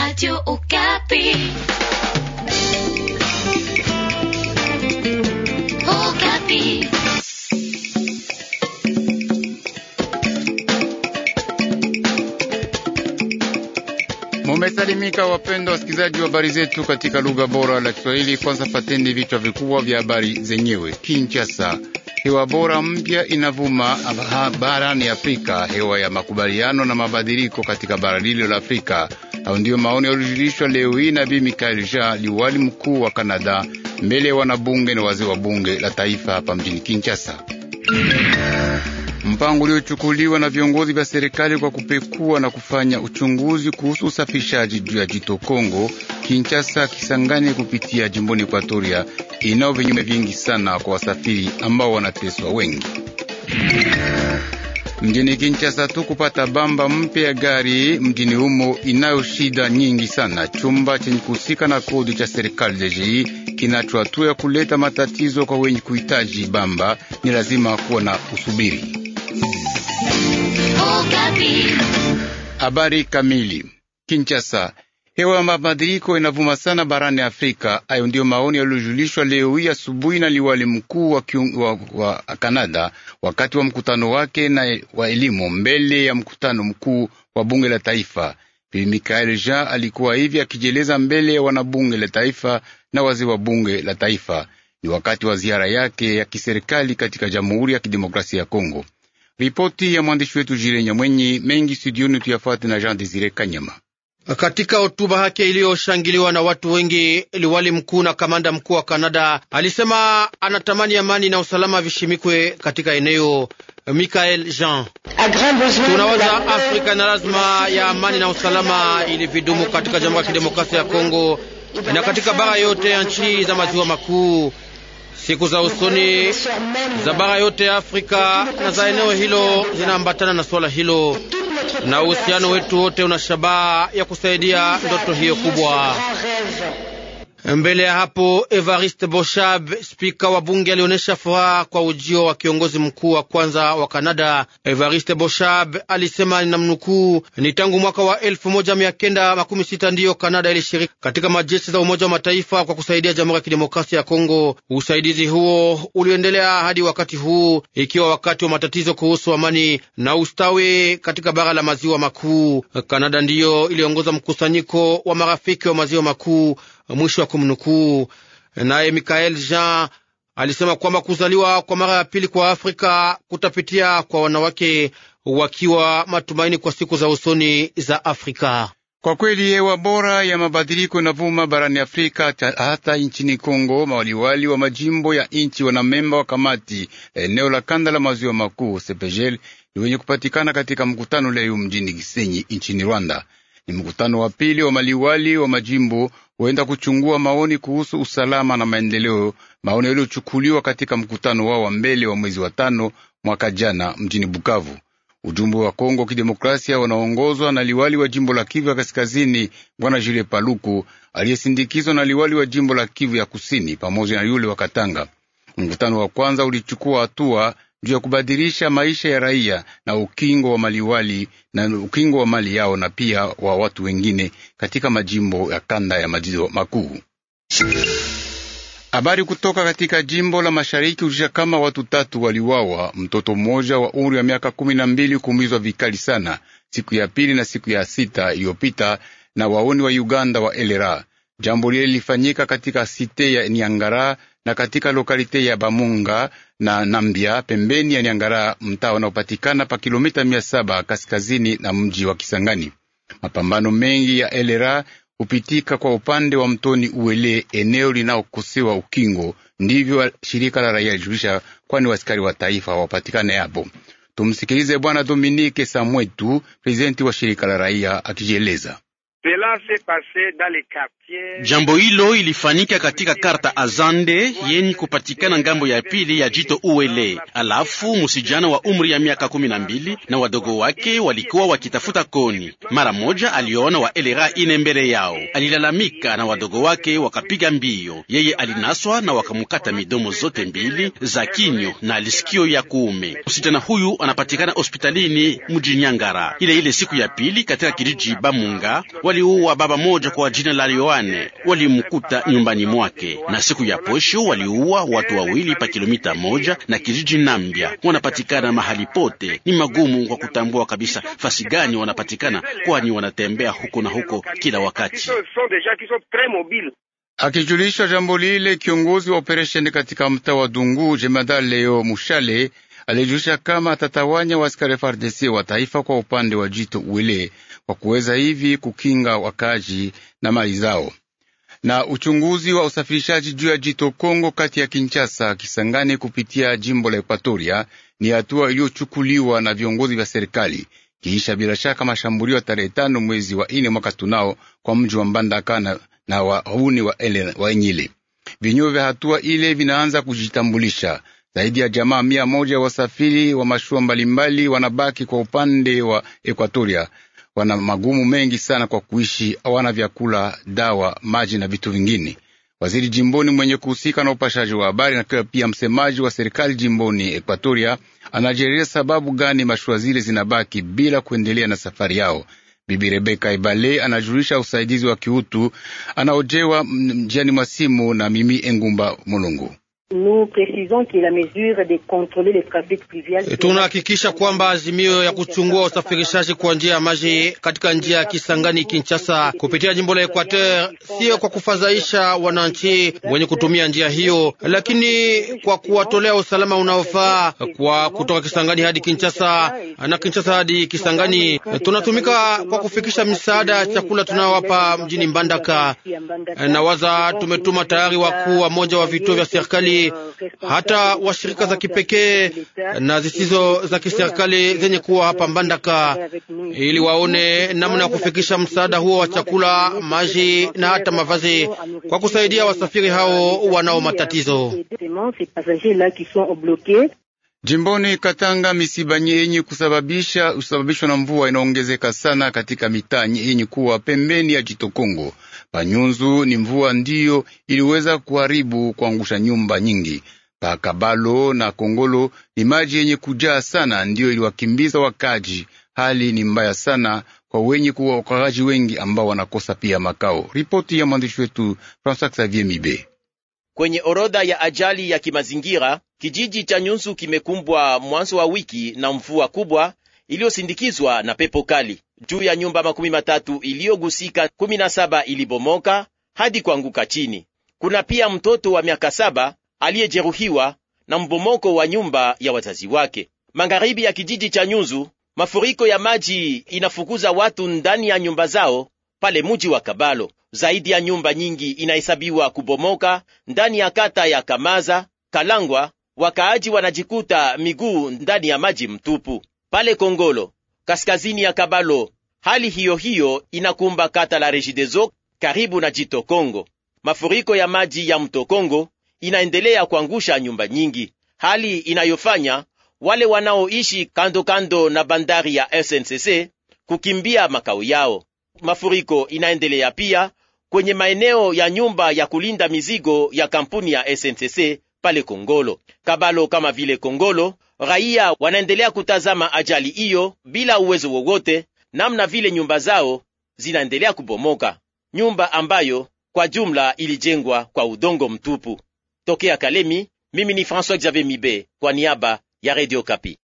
Radio Okapi. Okapi. Mumesalimika wapendwa wasikilizaji wa habari zetu katika lugha bora la Kiswahili. Kwanza pateni vichwa vikubwa vya habari zenyewe. Kinshasa, hewa bora mpya inavuma barani Afrika, hewa ya makubaliano na mabadiliko katika bara lilo la Afrika au ndiyo maoni yaliyojulishwa leo hii na Bi Mikael Jean, liwali mkuu wa Kanada, mbele ya wanabunge na wazee wa bunge la taifa hapa mjini Kinshasa. Mpango uliochukuliwa na viongozi vya serikali kwa kupekua na kufanya uchunguzi kuhusu usafishaji juu ya jito Kongo, Kinshasa, Kisangani kupitia jimboni Ekwatoria inao vinyume vingi sana kwa wasafiri ambao wanateswa wengi Mjini Kinshasa tu kupata bamba mpya ya gari mjini humo inayo shida nyingi sana. Chumba chenye kuhusika na kodi cha serikali DGI kinachotua ya kuleta matatizo kwa wenye kuhitaji bamba, ni lazima kuwa na usubiri. Oh, Habari kamili Kinshasa. Hewa ya mabadiliko inavuma sana barani Afrika. Hayo ndiyo maoni yaliyojulishwa leo hii asubuhi na liwali mkuu wa, wa, wa Kanada wakati wa mkutano wake na wa elimu mbele ya mkutano mkuu wa bunge la taifa. Bi Mikael Jean alikuwa hivi akijieleza mbele ya wanabunge la taifa na wazee wa bunge la taifa, ni wakati wa ziara yake ya kiserikali katika Jamhuri ya Kidemokrasia ya Kongo. Ripoti ya mwandishi wetu Jire Nyamwenyi mengi studioni, tuyafuate na Jean Desire Kanyama. Katika hotuba yake iliyoshangiliwa na watu wengi, liwali mkuu na kamanda mkuu wa Kanada alisema anatamani amani na usalama vishimikwe katika eneo. Michael Jean, tunawaza Afrika na lazima ya amani na usalama ili vidumu katika Jamhuri ya Kidemokrasia ya Kongo na katika bara yote ya nchi za maziwa makuu. Siku za usoni za bara yote ya Afrika na za eneo hilo zinaambatana na swala hilo na uhusiano wetu wote una shabaha ya kusaidia ndoto hiyo kubwa. Mbele ya hapo Evariste Boshab, spika wa bunge, alionyesha furaha kwa ujio wa kiongozi mkuu wa kwanza wa Kanada. Evariste Boshab alisema ninamnukuu, ni tangu mwaka wa 1960 ndiyo Kanada ilishiriki katika majeshi za Umoja wa Mataifa kwa kusaidia Jamhuri ya Kidemokrasia ya Kongo. Usaidizi huo uliendelea hadi wakati huu, ikiwa wakati wa matatizo kuhusu amani na ustawi katika bara la maziwa makuu. Kanada ndiyo iliongoza mkusanyiko wa marafiki wa maziwa makuu mwisho wa kumnukuu. Naye Mikael Jean alisema kwamba kuzaliwa kwa mara ya pili kwa Afrika kutapitia kwa wanawake wakiwa matumaini kwa siku za usoni za Afrika. Kwa kweli hewa bora ya mabadiliko inavuma barani Afrika, hata nchini Kongo. Mawaliwali wa majimbo ya nchi wanamemba wa kamati eneo la kanda la maziwa makuu CEPGL wenye kupatikana katika mkutano leo mjini Gisenyi nchini Rwanda. Ni mkutano wa pili wa maliwali wa majimbo huenda kuchungua maoni kuhusu usalama na maendeleo, maoni yaliyochukuliwa katika mkutano wao wa mbele wa mwezi wa tano mwaka jana mjini Bukavu. Ujumbe wa Kongo Kidemokrasia wanaongozwa na liwali wa jimbo la Kivu ya Kaskazini, Bwana Jule Paluku, aliyesindikizwa na liwali wa jimbo la Kivu ya Kusini pamoja na yule wa Katanga. Mkutano wa kwanza ulichukua hatua ya kubadilisha maisha ya raia na ukingo wa maliwali na ukingo wa mali yao na pia wa watu wengine katika majimbo ya kanda ya maziwa makuu. Habari kutoka katika jimbo la mashariki ulisha kama watu tatu waliwawa, mtoto mmoja wa umri wa miaka kumi na mbili kuumizwa vikali sana siku ya pili na siku ya sita iliyopita na waoni wa Uganda wa elera Jambo lile lilifanyika katika site ya Niangara na katika lokalite ya Bamunga na Nambia pembeni ya Niangara, mtaa unaopatikana pa kilomita mia saba kaskazini na mji wa Kisangani. Mapambano mengi ya elera hupitika kwa upande wa mtoni Uele, eneo linaokosewa ukingo, ndivyo shirika la raia lijulisha, kwani wasikari wa taifa hawapatikane hapo. Tumsikilize Bwana Dominike Samwetu, prezidenti wa shirika la raia akijieleza. Jambo hilo ilifanyika katika karta Azande yenye kupatikana ngambo ya pili ya jito Uwele. Alafu msijana wa umri ya miaka kumi na mbili na wadogo wake walikuwa wakitafuta koni. Mara moja aliona wa elera ine mbele yao, alilalamika na wadogo wake wakapiga mbio. Yeye alinaswa na wakamukata midomo zote mbili za kinyo na lisikio ya kuume. Msijana huyu anapatikana hospitalini mji Nyangara. Ile ile siku ya pili katika kijiji Bamunga waliua baba moja kwa jina la Yohana wane walimkuta nyumbani mwake, na siku ya posho waliua watu wawili pa kilomita moja na kijiji Nambya. Wanapatikana mahali pote, ni magumu kwa kutambua kabisa fasi gani wanapatikana, kwani wanatembea huko na huko kila wakati. Akijulisha jambo lile, kiongozi wa operesheni katika mtaa wa Dungu Jemadar Leo Mushale alijulisha kama atatawanya waaskari FARDC wa taifa kwa upande wa jito uele kwa kuweza hivi kukinga wakaji na mali zao. Na uchunguzi wa usafirishaji juu ya jito Kongo kati ya Kinshasa Kisangani kupitia jimbo la Ekuatoria ni hatua iliyochukuliwa na viongozi vya serikali kiisha bila shaka mashambulio ya tarehe tano mwezi wa ine mwaka tunao kwa mji wa Mbandaka na, na wauni wa, wa Enyile. Vinyuo vya hatua ile vinaanza kujitambulisha. Zaidi ya jamaa mia moja wasafiri wa mashua mbalimbali wanabaki kwa upande wa Ekuatoria wana magumu mengi sana kwa kuishi, hawana vyakula, dawa, maji na vitu vingine. Waziri jimboni mwenye kuhusika na upashaji wa habari nakiwa pia msemaji wa serikali jimboni Ekuatoria anajeria sababu gani mashua zile zinabaki bila kuendelea na safari yao. Bibi Rebeka Ibale anajulisha usaidizi wa kiutu anaojewa njiani mwa simu na Mimi Engumba Mulungu. Nous que la mesure de le trafic pluvial. Tunahakikisha kwamba azimio ya kuchungua usafirishaji kwa njia ya maji katika njia ya Kisangani Kinshasa kupitia jimbo la Equateur, sio kwa kufadhaisha wananchi wenye kutumia njia hiyo, lakini kwa kuwatolea usalama unaofaa kwa kutoka Kisangani hadi Kinshasa na Kinshasa hadi Kisangani. Tunatumika kwa kufikisha misaada ya chakula tunayowapa mjini Mbandaka. Nawaza tumetuma tayari wakuu wa moja wa vituo vya serikali hata hata washirika za kipekee na zisizo za kiserikali zenye kuwa hapa Mbandaka, ili waone namna ya kufikisha msaada huo wa chakula, maji na hata mavazi kwa kusaidia wasafiri hao wanao matatizo. Jimboni Katanga, misiba yenye kusababisha usababishwa na mvua inaongezeka sana katika mitaa yenye kuwa pembeni ya jito Kongo. Panyunzu ni mvua ndiyo iliweza kuharibu kuangusha nyumba nyingi. Pakabalo na Kongolo ni maji yenye kujaa sana, ndiyo iliwakimbiza wakaji. Hali ni mbaya sana kwa wenye kuwa wakaaji wengi ambao wanakosa pia makao. Ripoti ya mwandishi wetu Francois Xavier Mibe. Kwenye orodha ya ajali ya kimazingira, kijiji cha Nyunzu kimekumbwa mwanzo wa wiki na mvua kubwa iliyosindikizwa na pepo kali juu ya nyumba makumi matatu iliyogusika, kumi na saba ilibomoka hadi kuanguka chini. Kuna pia mtoto wa miaka saba aliyejeruhiwa na mbomoko wa nyumba ya wazazi wake. Magharibi ya kijiji cha Nyuzu, mafuriko ya maji inafukuza watu ndani ya nyumba zao pale muji wa Kabalo. Zaidi ya nyumba nyingi inahesabiwa kubomoka ndani ya kata ya Kamaza Kalangwa. Wakaaji wanajikuta miguu ndani ya maji mtupu. Pale Kongolo kaskazini ya Kabalo. Hali hiyo hiyo inakumba kata la Regideso karibu na jito Kongo. Mafuriko ya maji ya mto Kongo inaendelea kuangusha nyumba nyingi, hali inayofanya wale wanaoishi kando kando na bandari ya SNCC kukimbia makao yao. Mafuriko inaendelea pia kwenye maeneo ya nyumba ya kulinda mizigo ya kampuni ya SNCC pale Kongolo. Kabalo kama vile Kongolo raia wanaendelea kutazama ajali hiyo bila uwezo wowote, namna vile nyumba zao zinaendelea kubomoka, nyumba ambayo kwa jumla ilijengwa kwa udongo mtupu. Tokea Kalemi, mimi ni François Xavier Mibe kwa niaba ya Radio Kapi.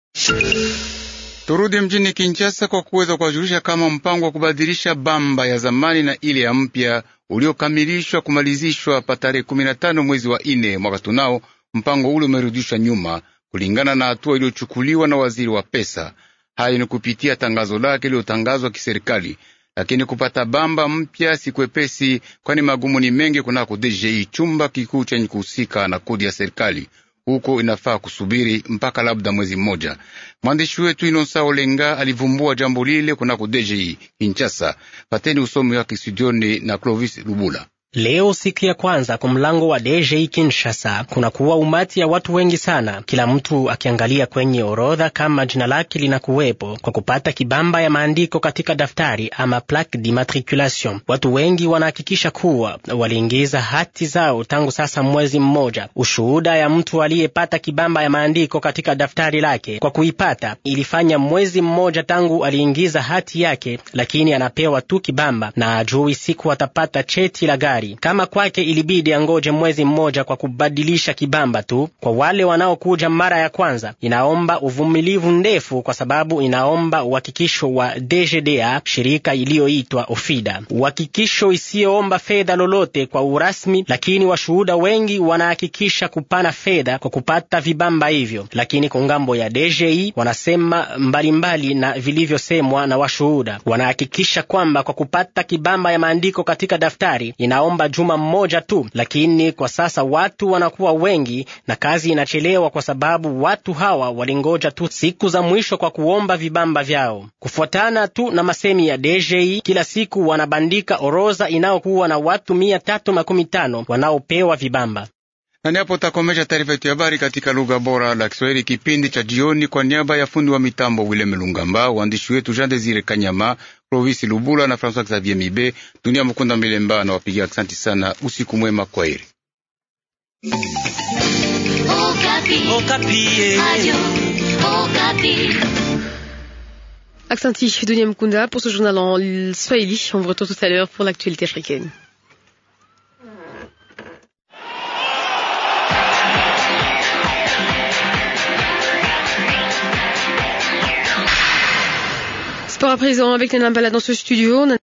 Turudi mjini Kinshasa kwa kuweza kuwajulisha kama mpango wa kubadilisha bamba ya zamani na ile ya mpya uliokamilishwa kumalizishwa pa tarehe 15 mwezi wa ine mwaka tunao. Mpango ule umerudishwa nyuma kulingana na hatua iliyochukuliwa na waziri wa pesa. Hayo ni kupitia tangazo lake lililotangazwa kiserikali. Lakini kupata bamba mpya si kwepesi, kwani magumu ni mengi kunako DGI, chumba kikuu chenye kuhusika na kodi ya serikali. Huko inafaa kusubiri mpaka labda mwezi mmoja. Mwandishi wetu Inosa Olenga alivumbua jambo lile kunako DGI Kinshasa. Pateni usomi wake studioni na Clovis Lubula. Leo siku ya kwanza kwa mlango wa DJ Kinshasa kunakuwa umati ya watu wengi sana, kila mtu akiangalia kwenye orodha kama jina lake linakuwepo kwa kupata kibamba ya maandiko katika daftari ama plaque d'immatriculation. Watu wengi wanahakikisha kuwa waliingiza hati zao tangu sasa mwezi mmoja. Ushuhuda ya mtu aliyepata kibamba ya maandiko katika daftari lake kwa kuipata ilifanya mwezi mmoja tangu aliingiza hati yake, lakini anapewa tu kibamba na ajui siku atapata cheti la gari tayari. Kama kwake ilibidi angoje mwezi mmoja kwa kubadilisha kibamba tu, kwa wale wanaokuja mara ya kwanza inaomba uvumilivu ndefu, kwa sababu inaomba uhakikisho wa DGDA, shirika iliyoitwa Ofida, uhakikisho isiyoomba fedha lolote kwa urasmi, lakini washuhuda wengi wanahakikisha kupana fedha kwa kupata vibamba hivyo, lakini kwa ngambo ya DGI wanasema mbalimbali mbali na vilivyosemwa na washuhuda, wanahakikisha kwamba kwa kupata kibamba ya maandiko katika daftari inaomba kuomba juma mmoja tu, lakini kwa sasa watu wanakuwa wengi na kazi inachelewa kwa sababu watu hawa walingoja tu siku za mwisho kwa kuomba vibamba vyao. Kufuatana tu na masemi ya DJI, kila siku wanabandika oroza inayokuwa na watu mia tatu makumi tano wanaopewa vibamba na hapo takomesha taarifa yetu ya habari katika lugha bora la Kiswahili kipindi cha jioni, kwa niaba ya fundi wa mitambo William Lungamba, waandishi wetu Jean Desire Kanyama, Clovis Lubula na François Xavier Mibe, Dunia Mukunda Milemba na wapigia aksanti sana. Usiku mwema, kwaheri. Aksanti eh. Dunia mkunda pour ce journal en Swahili. On vous retrouve tout à l'heure pour l'actualité africaine. Encore à présent avec les Bala dans ce studio.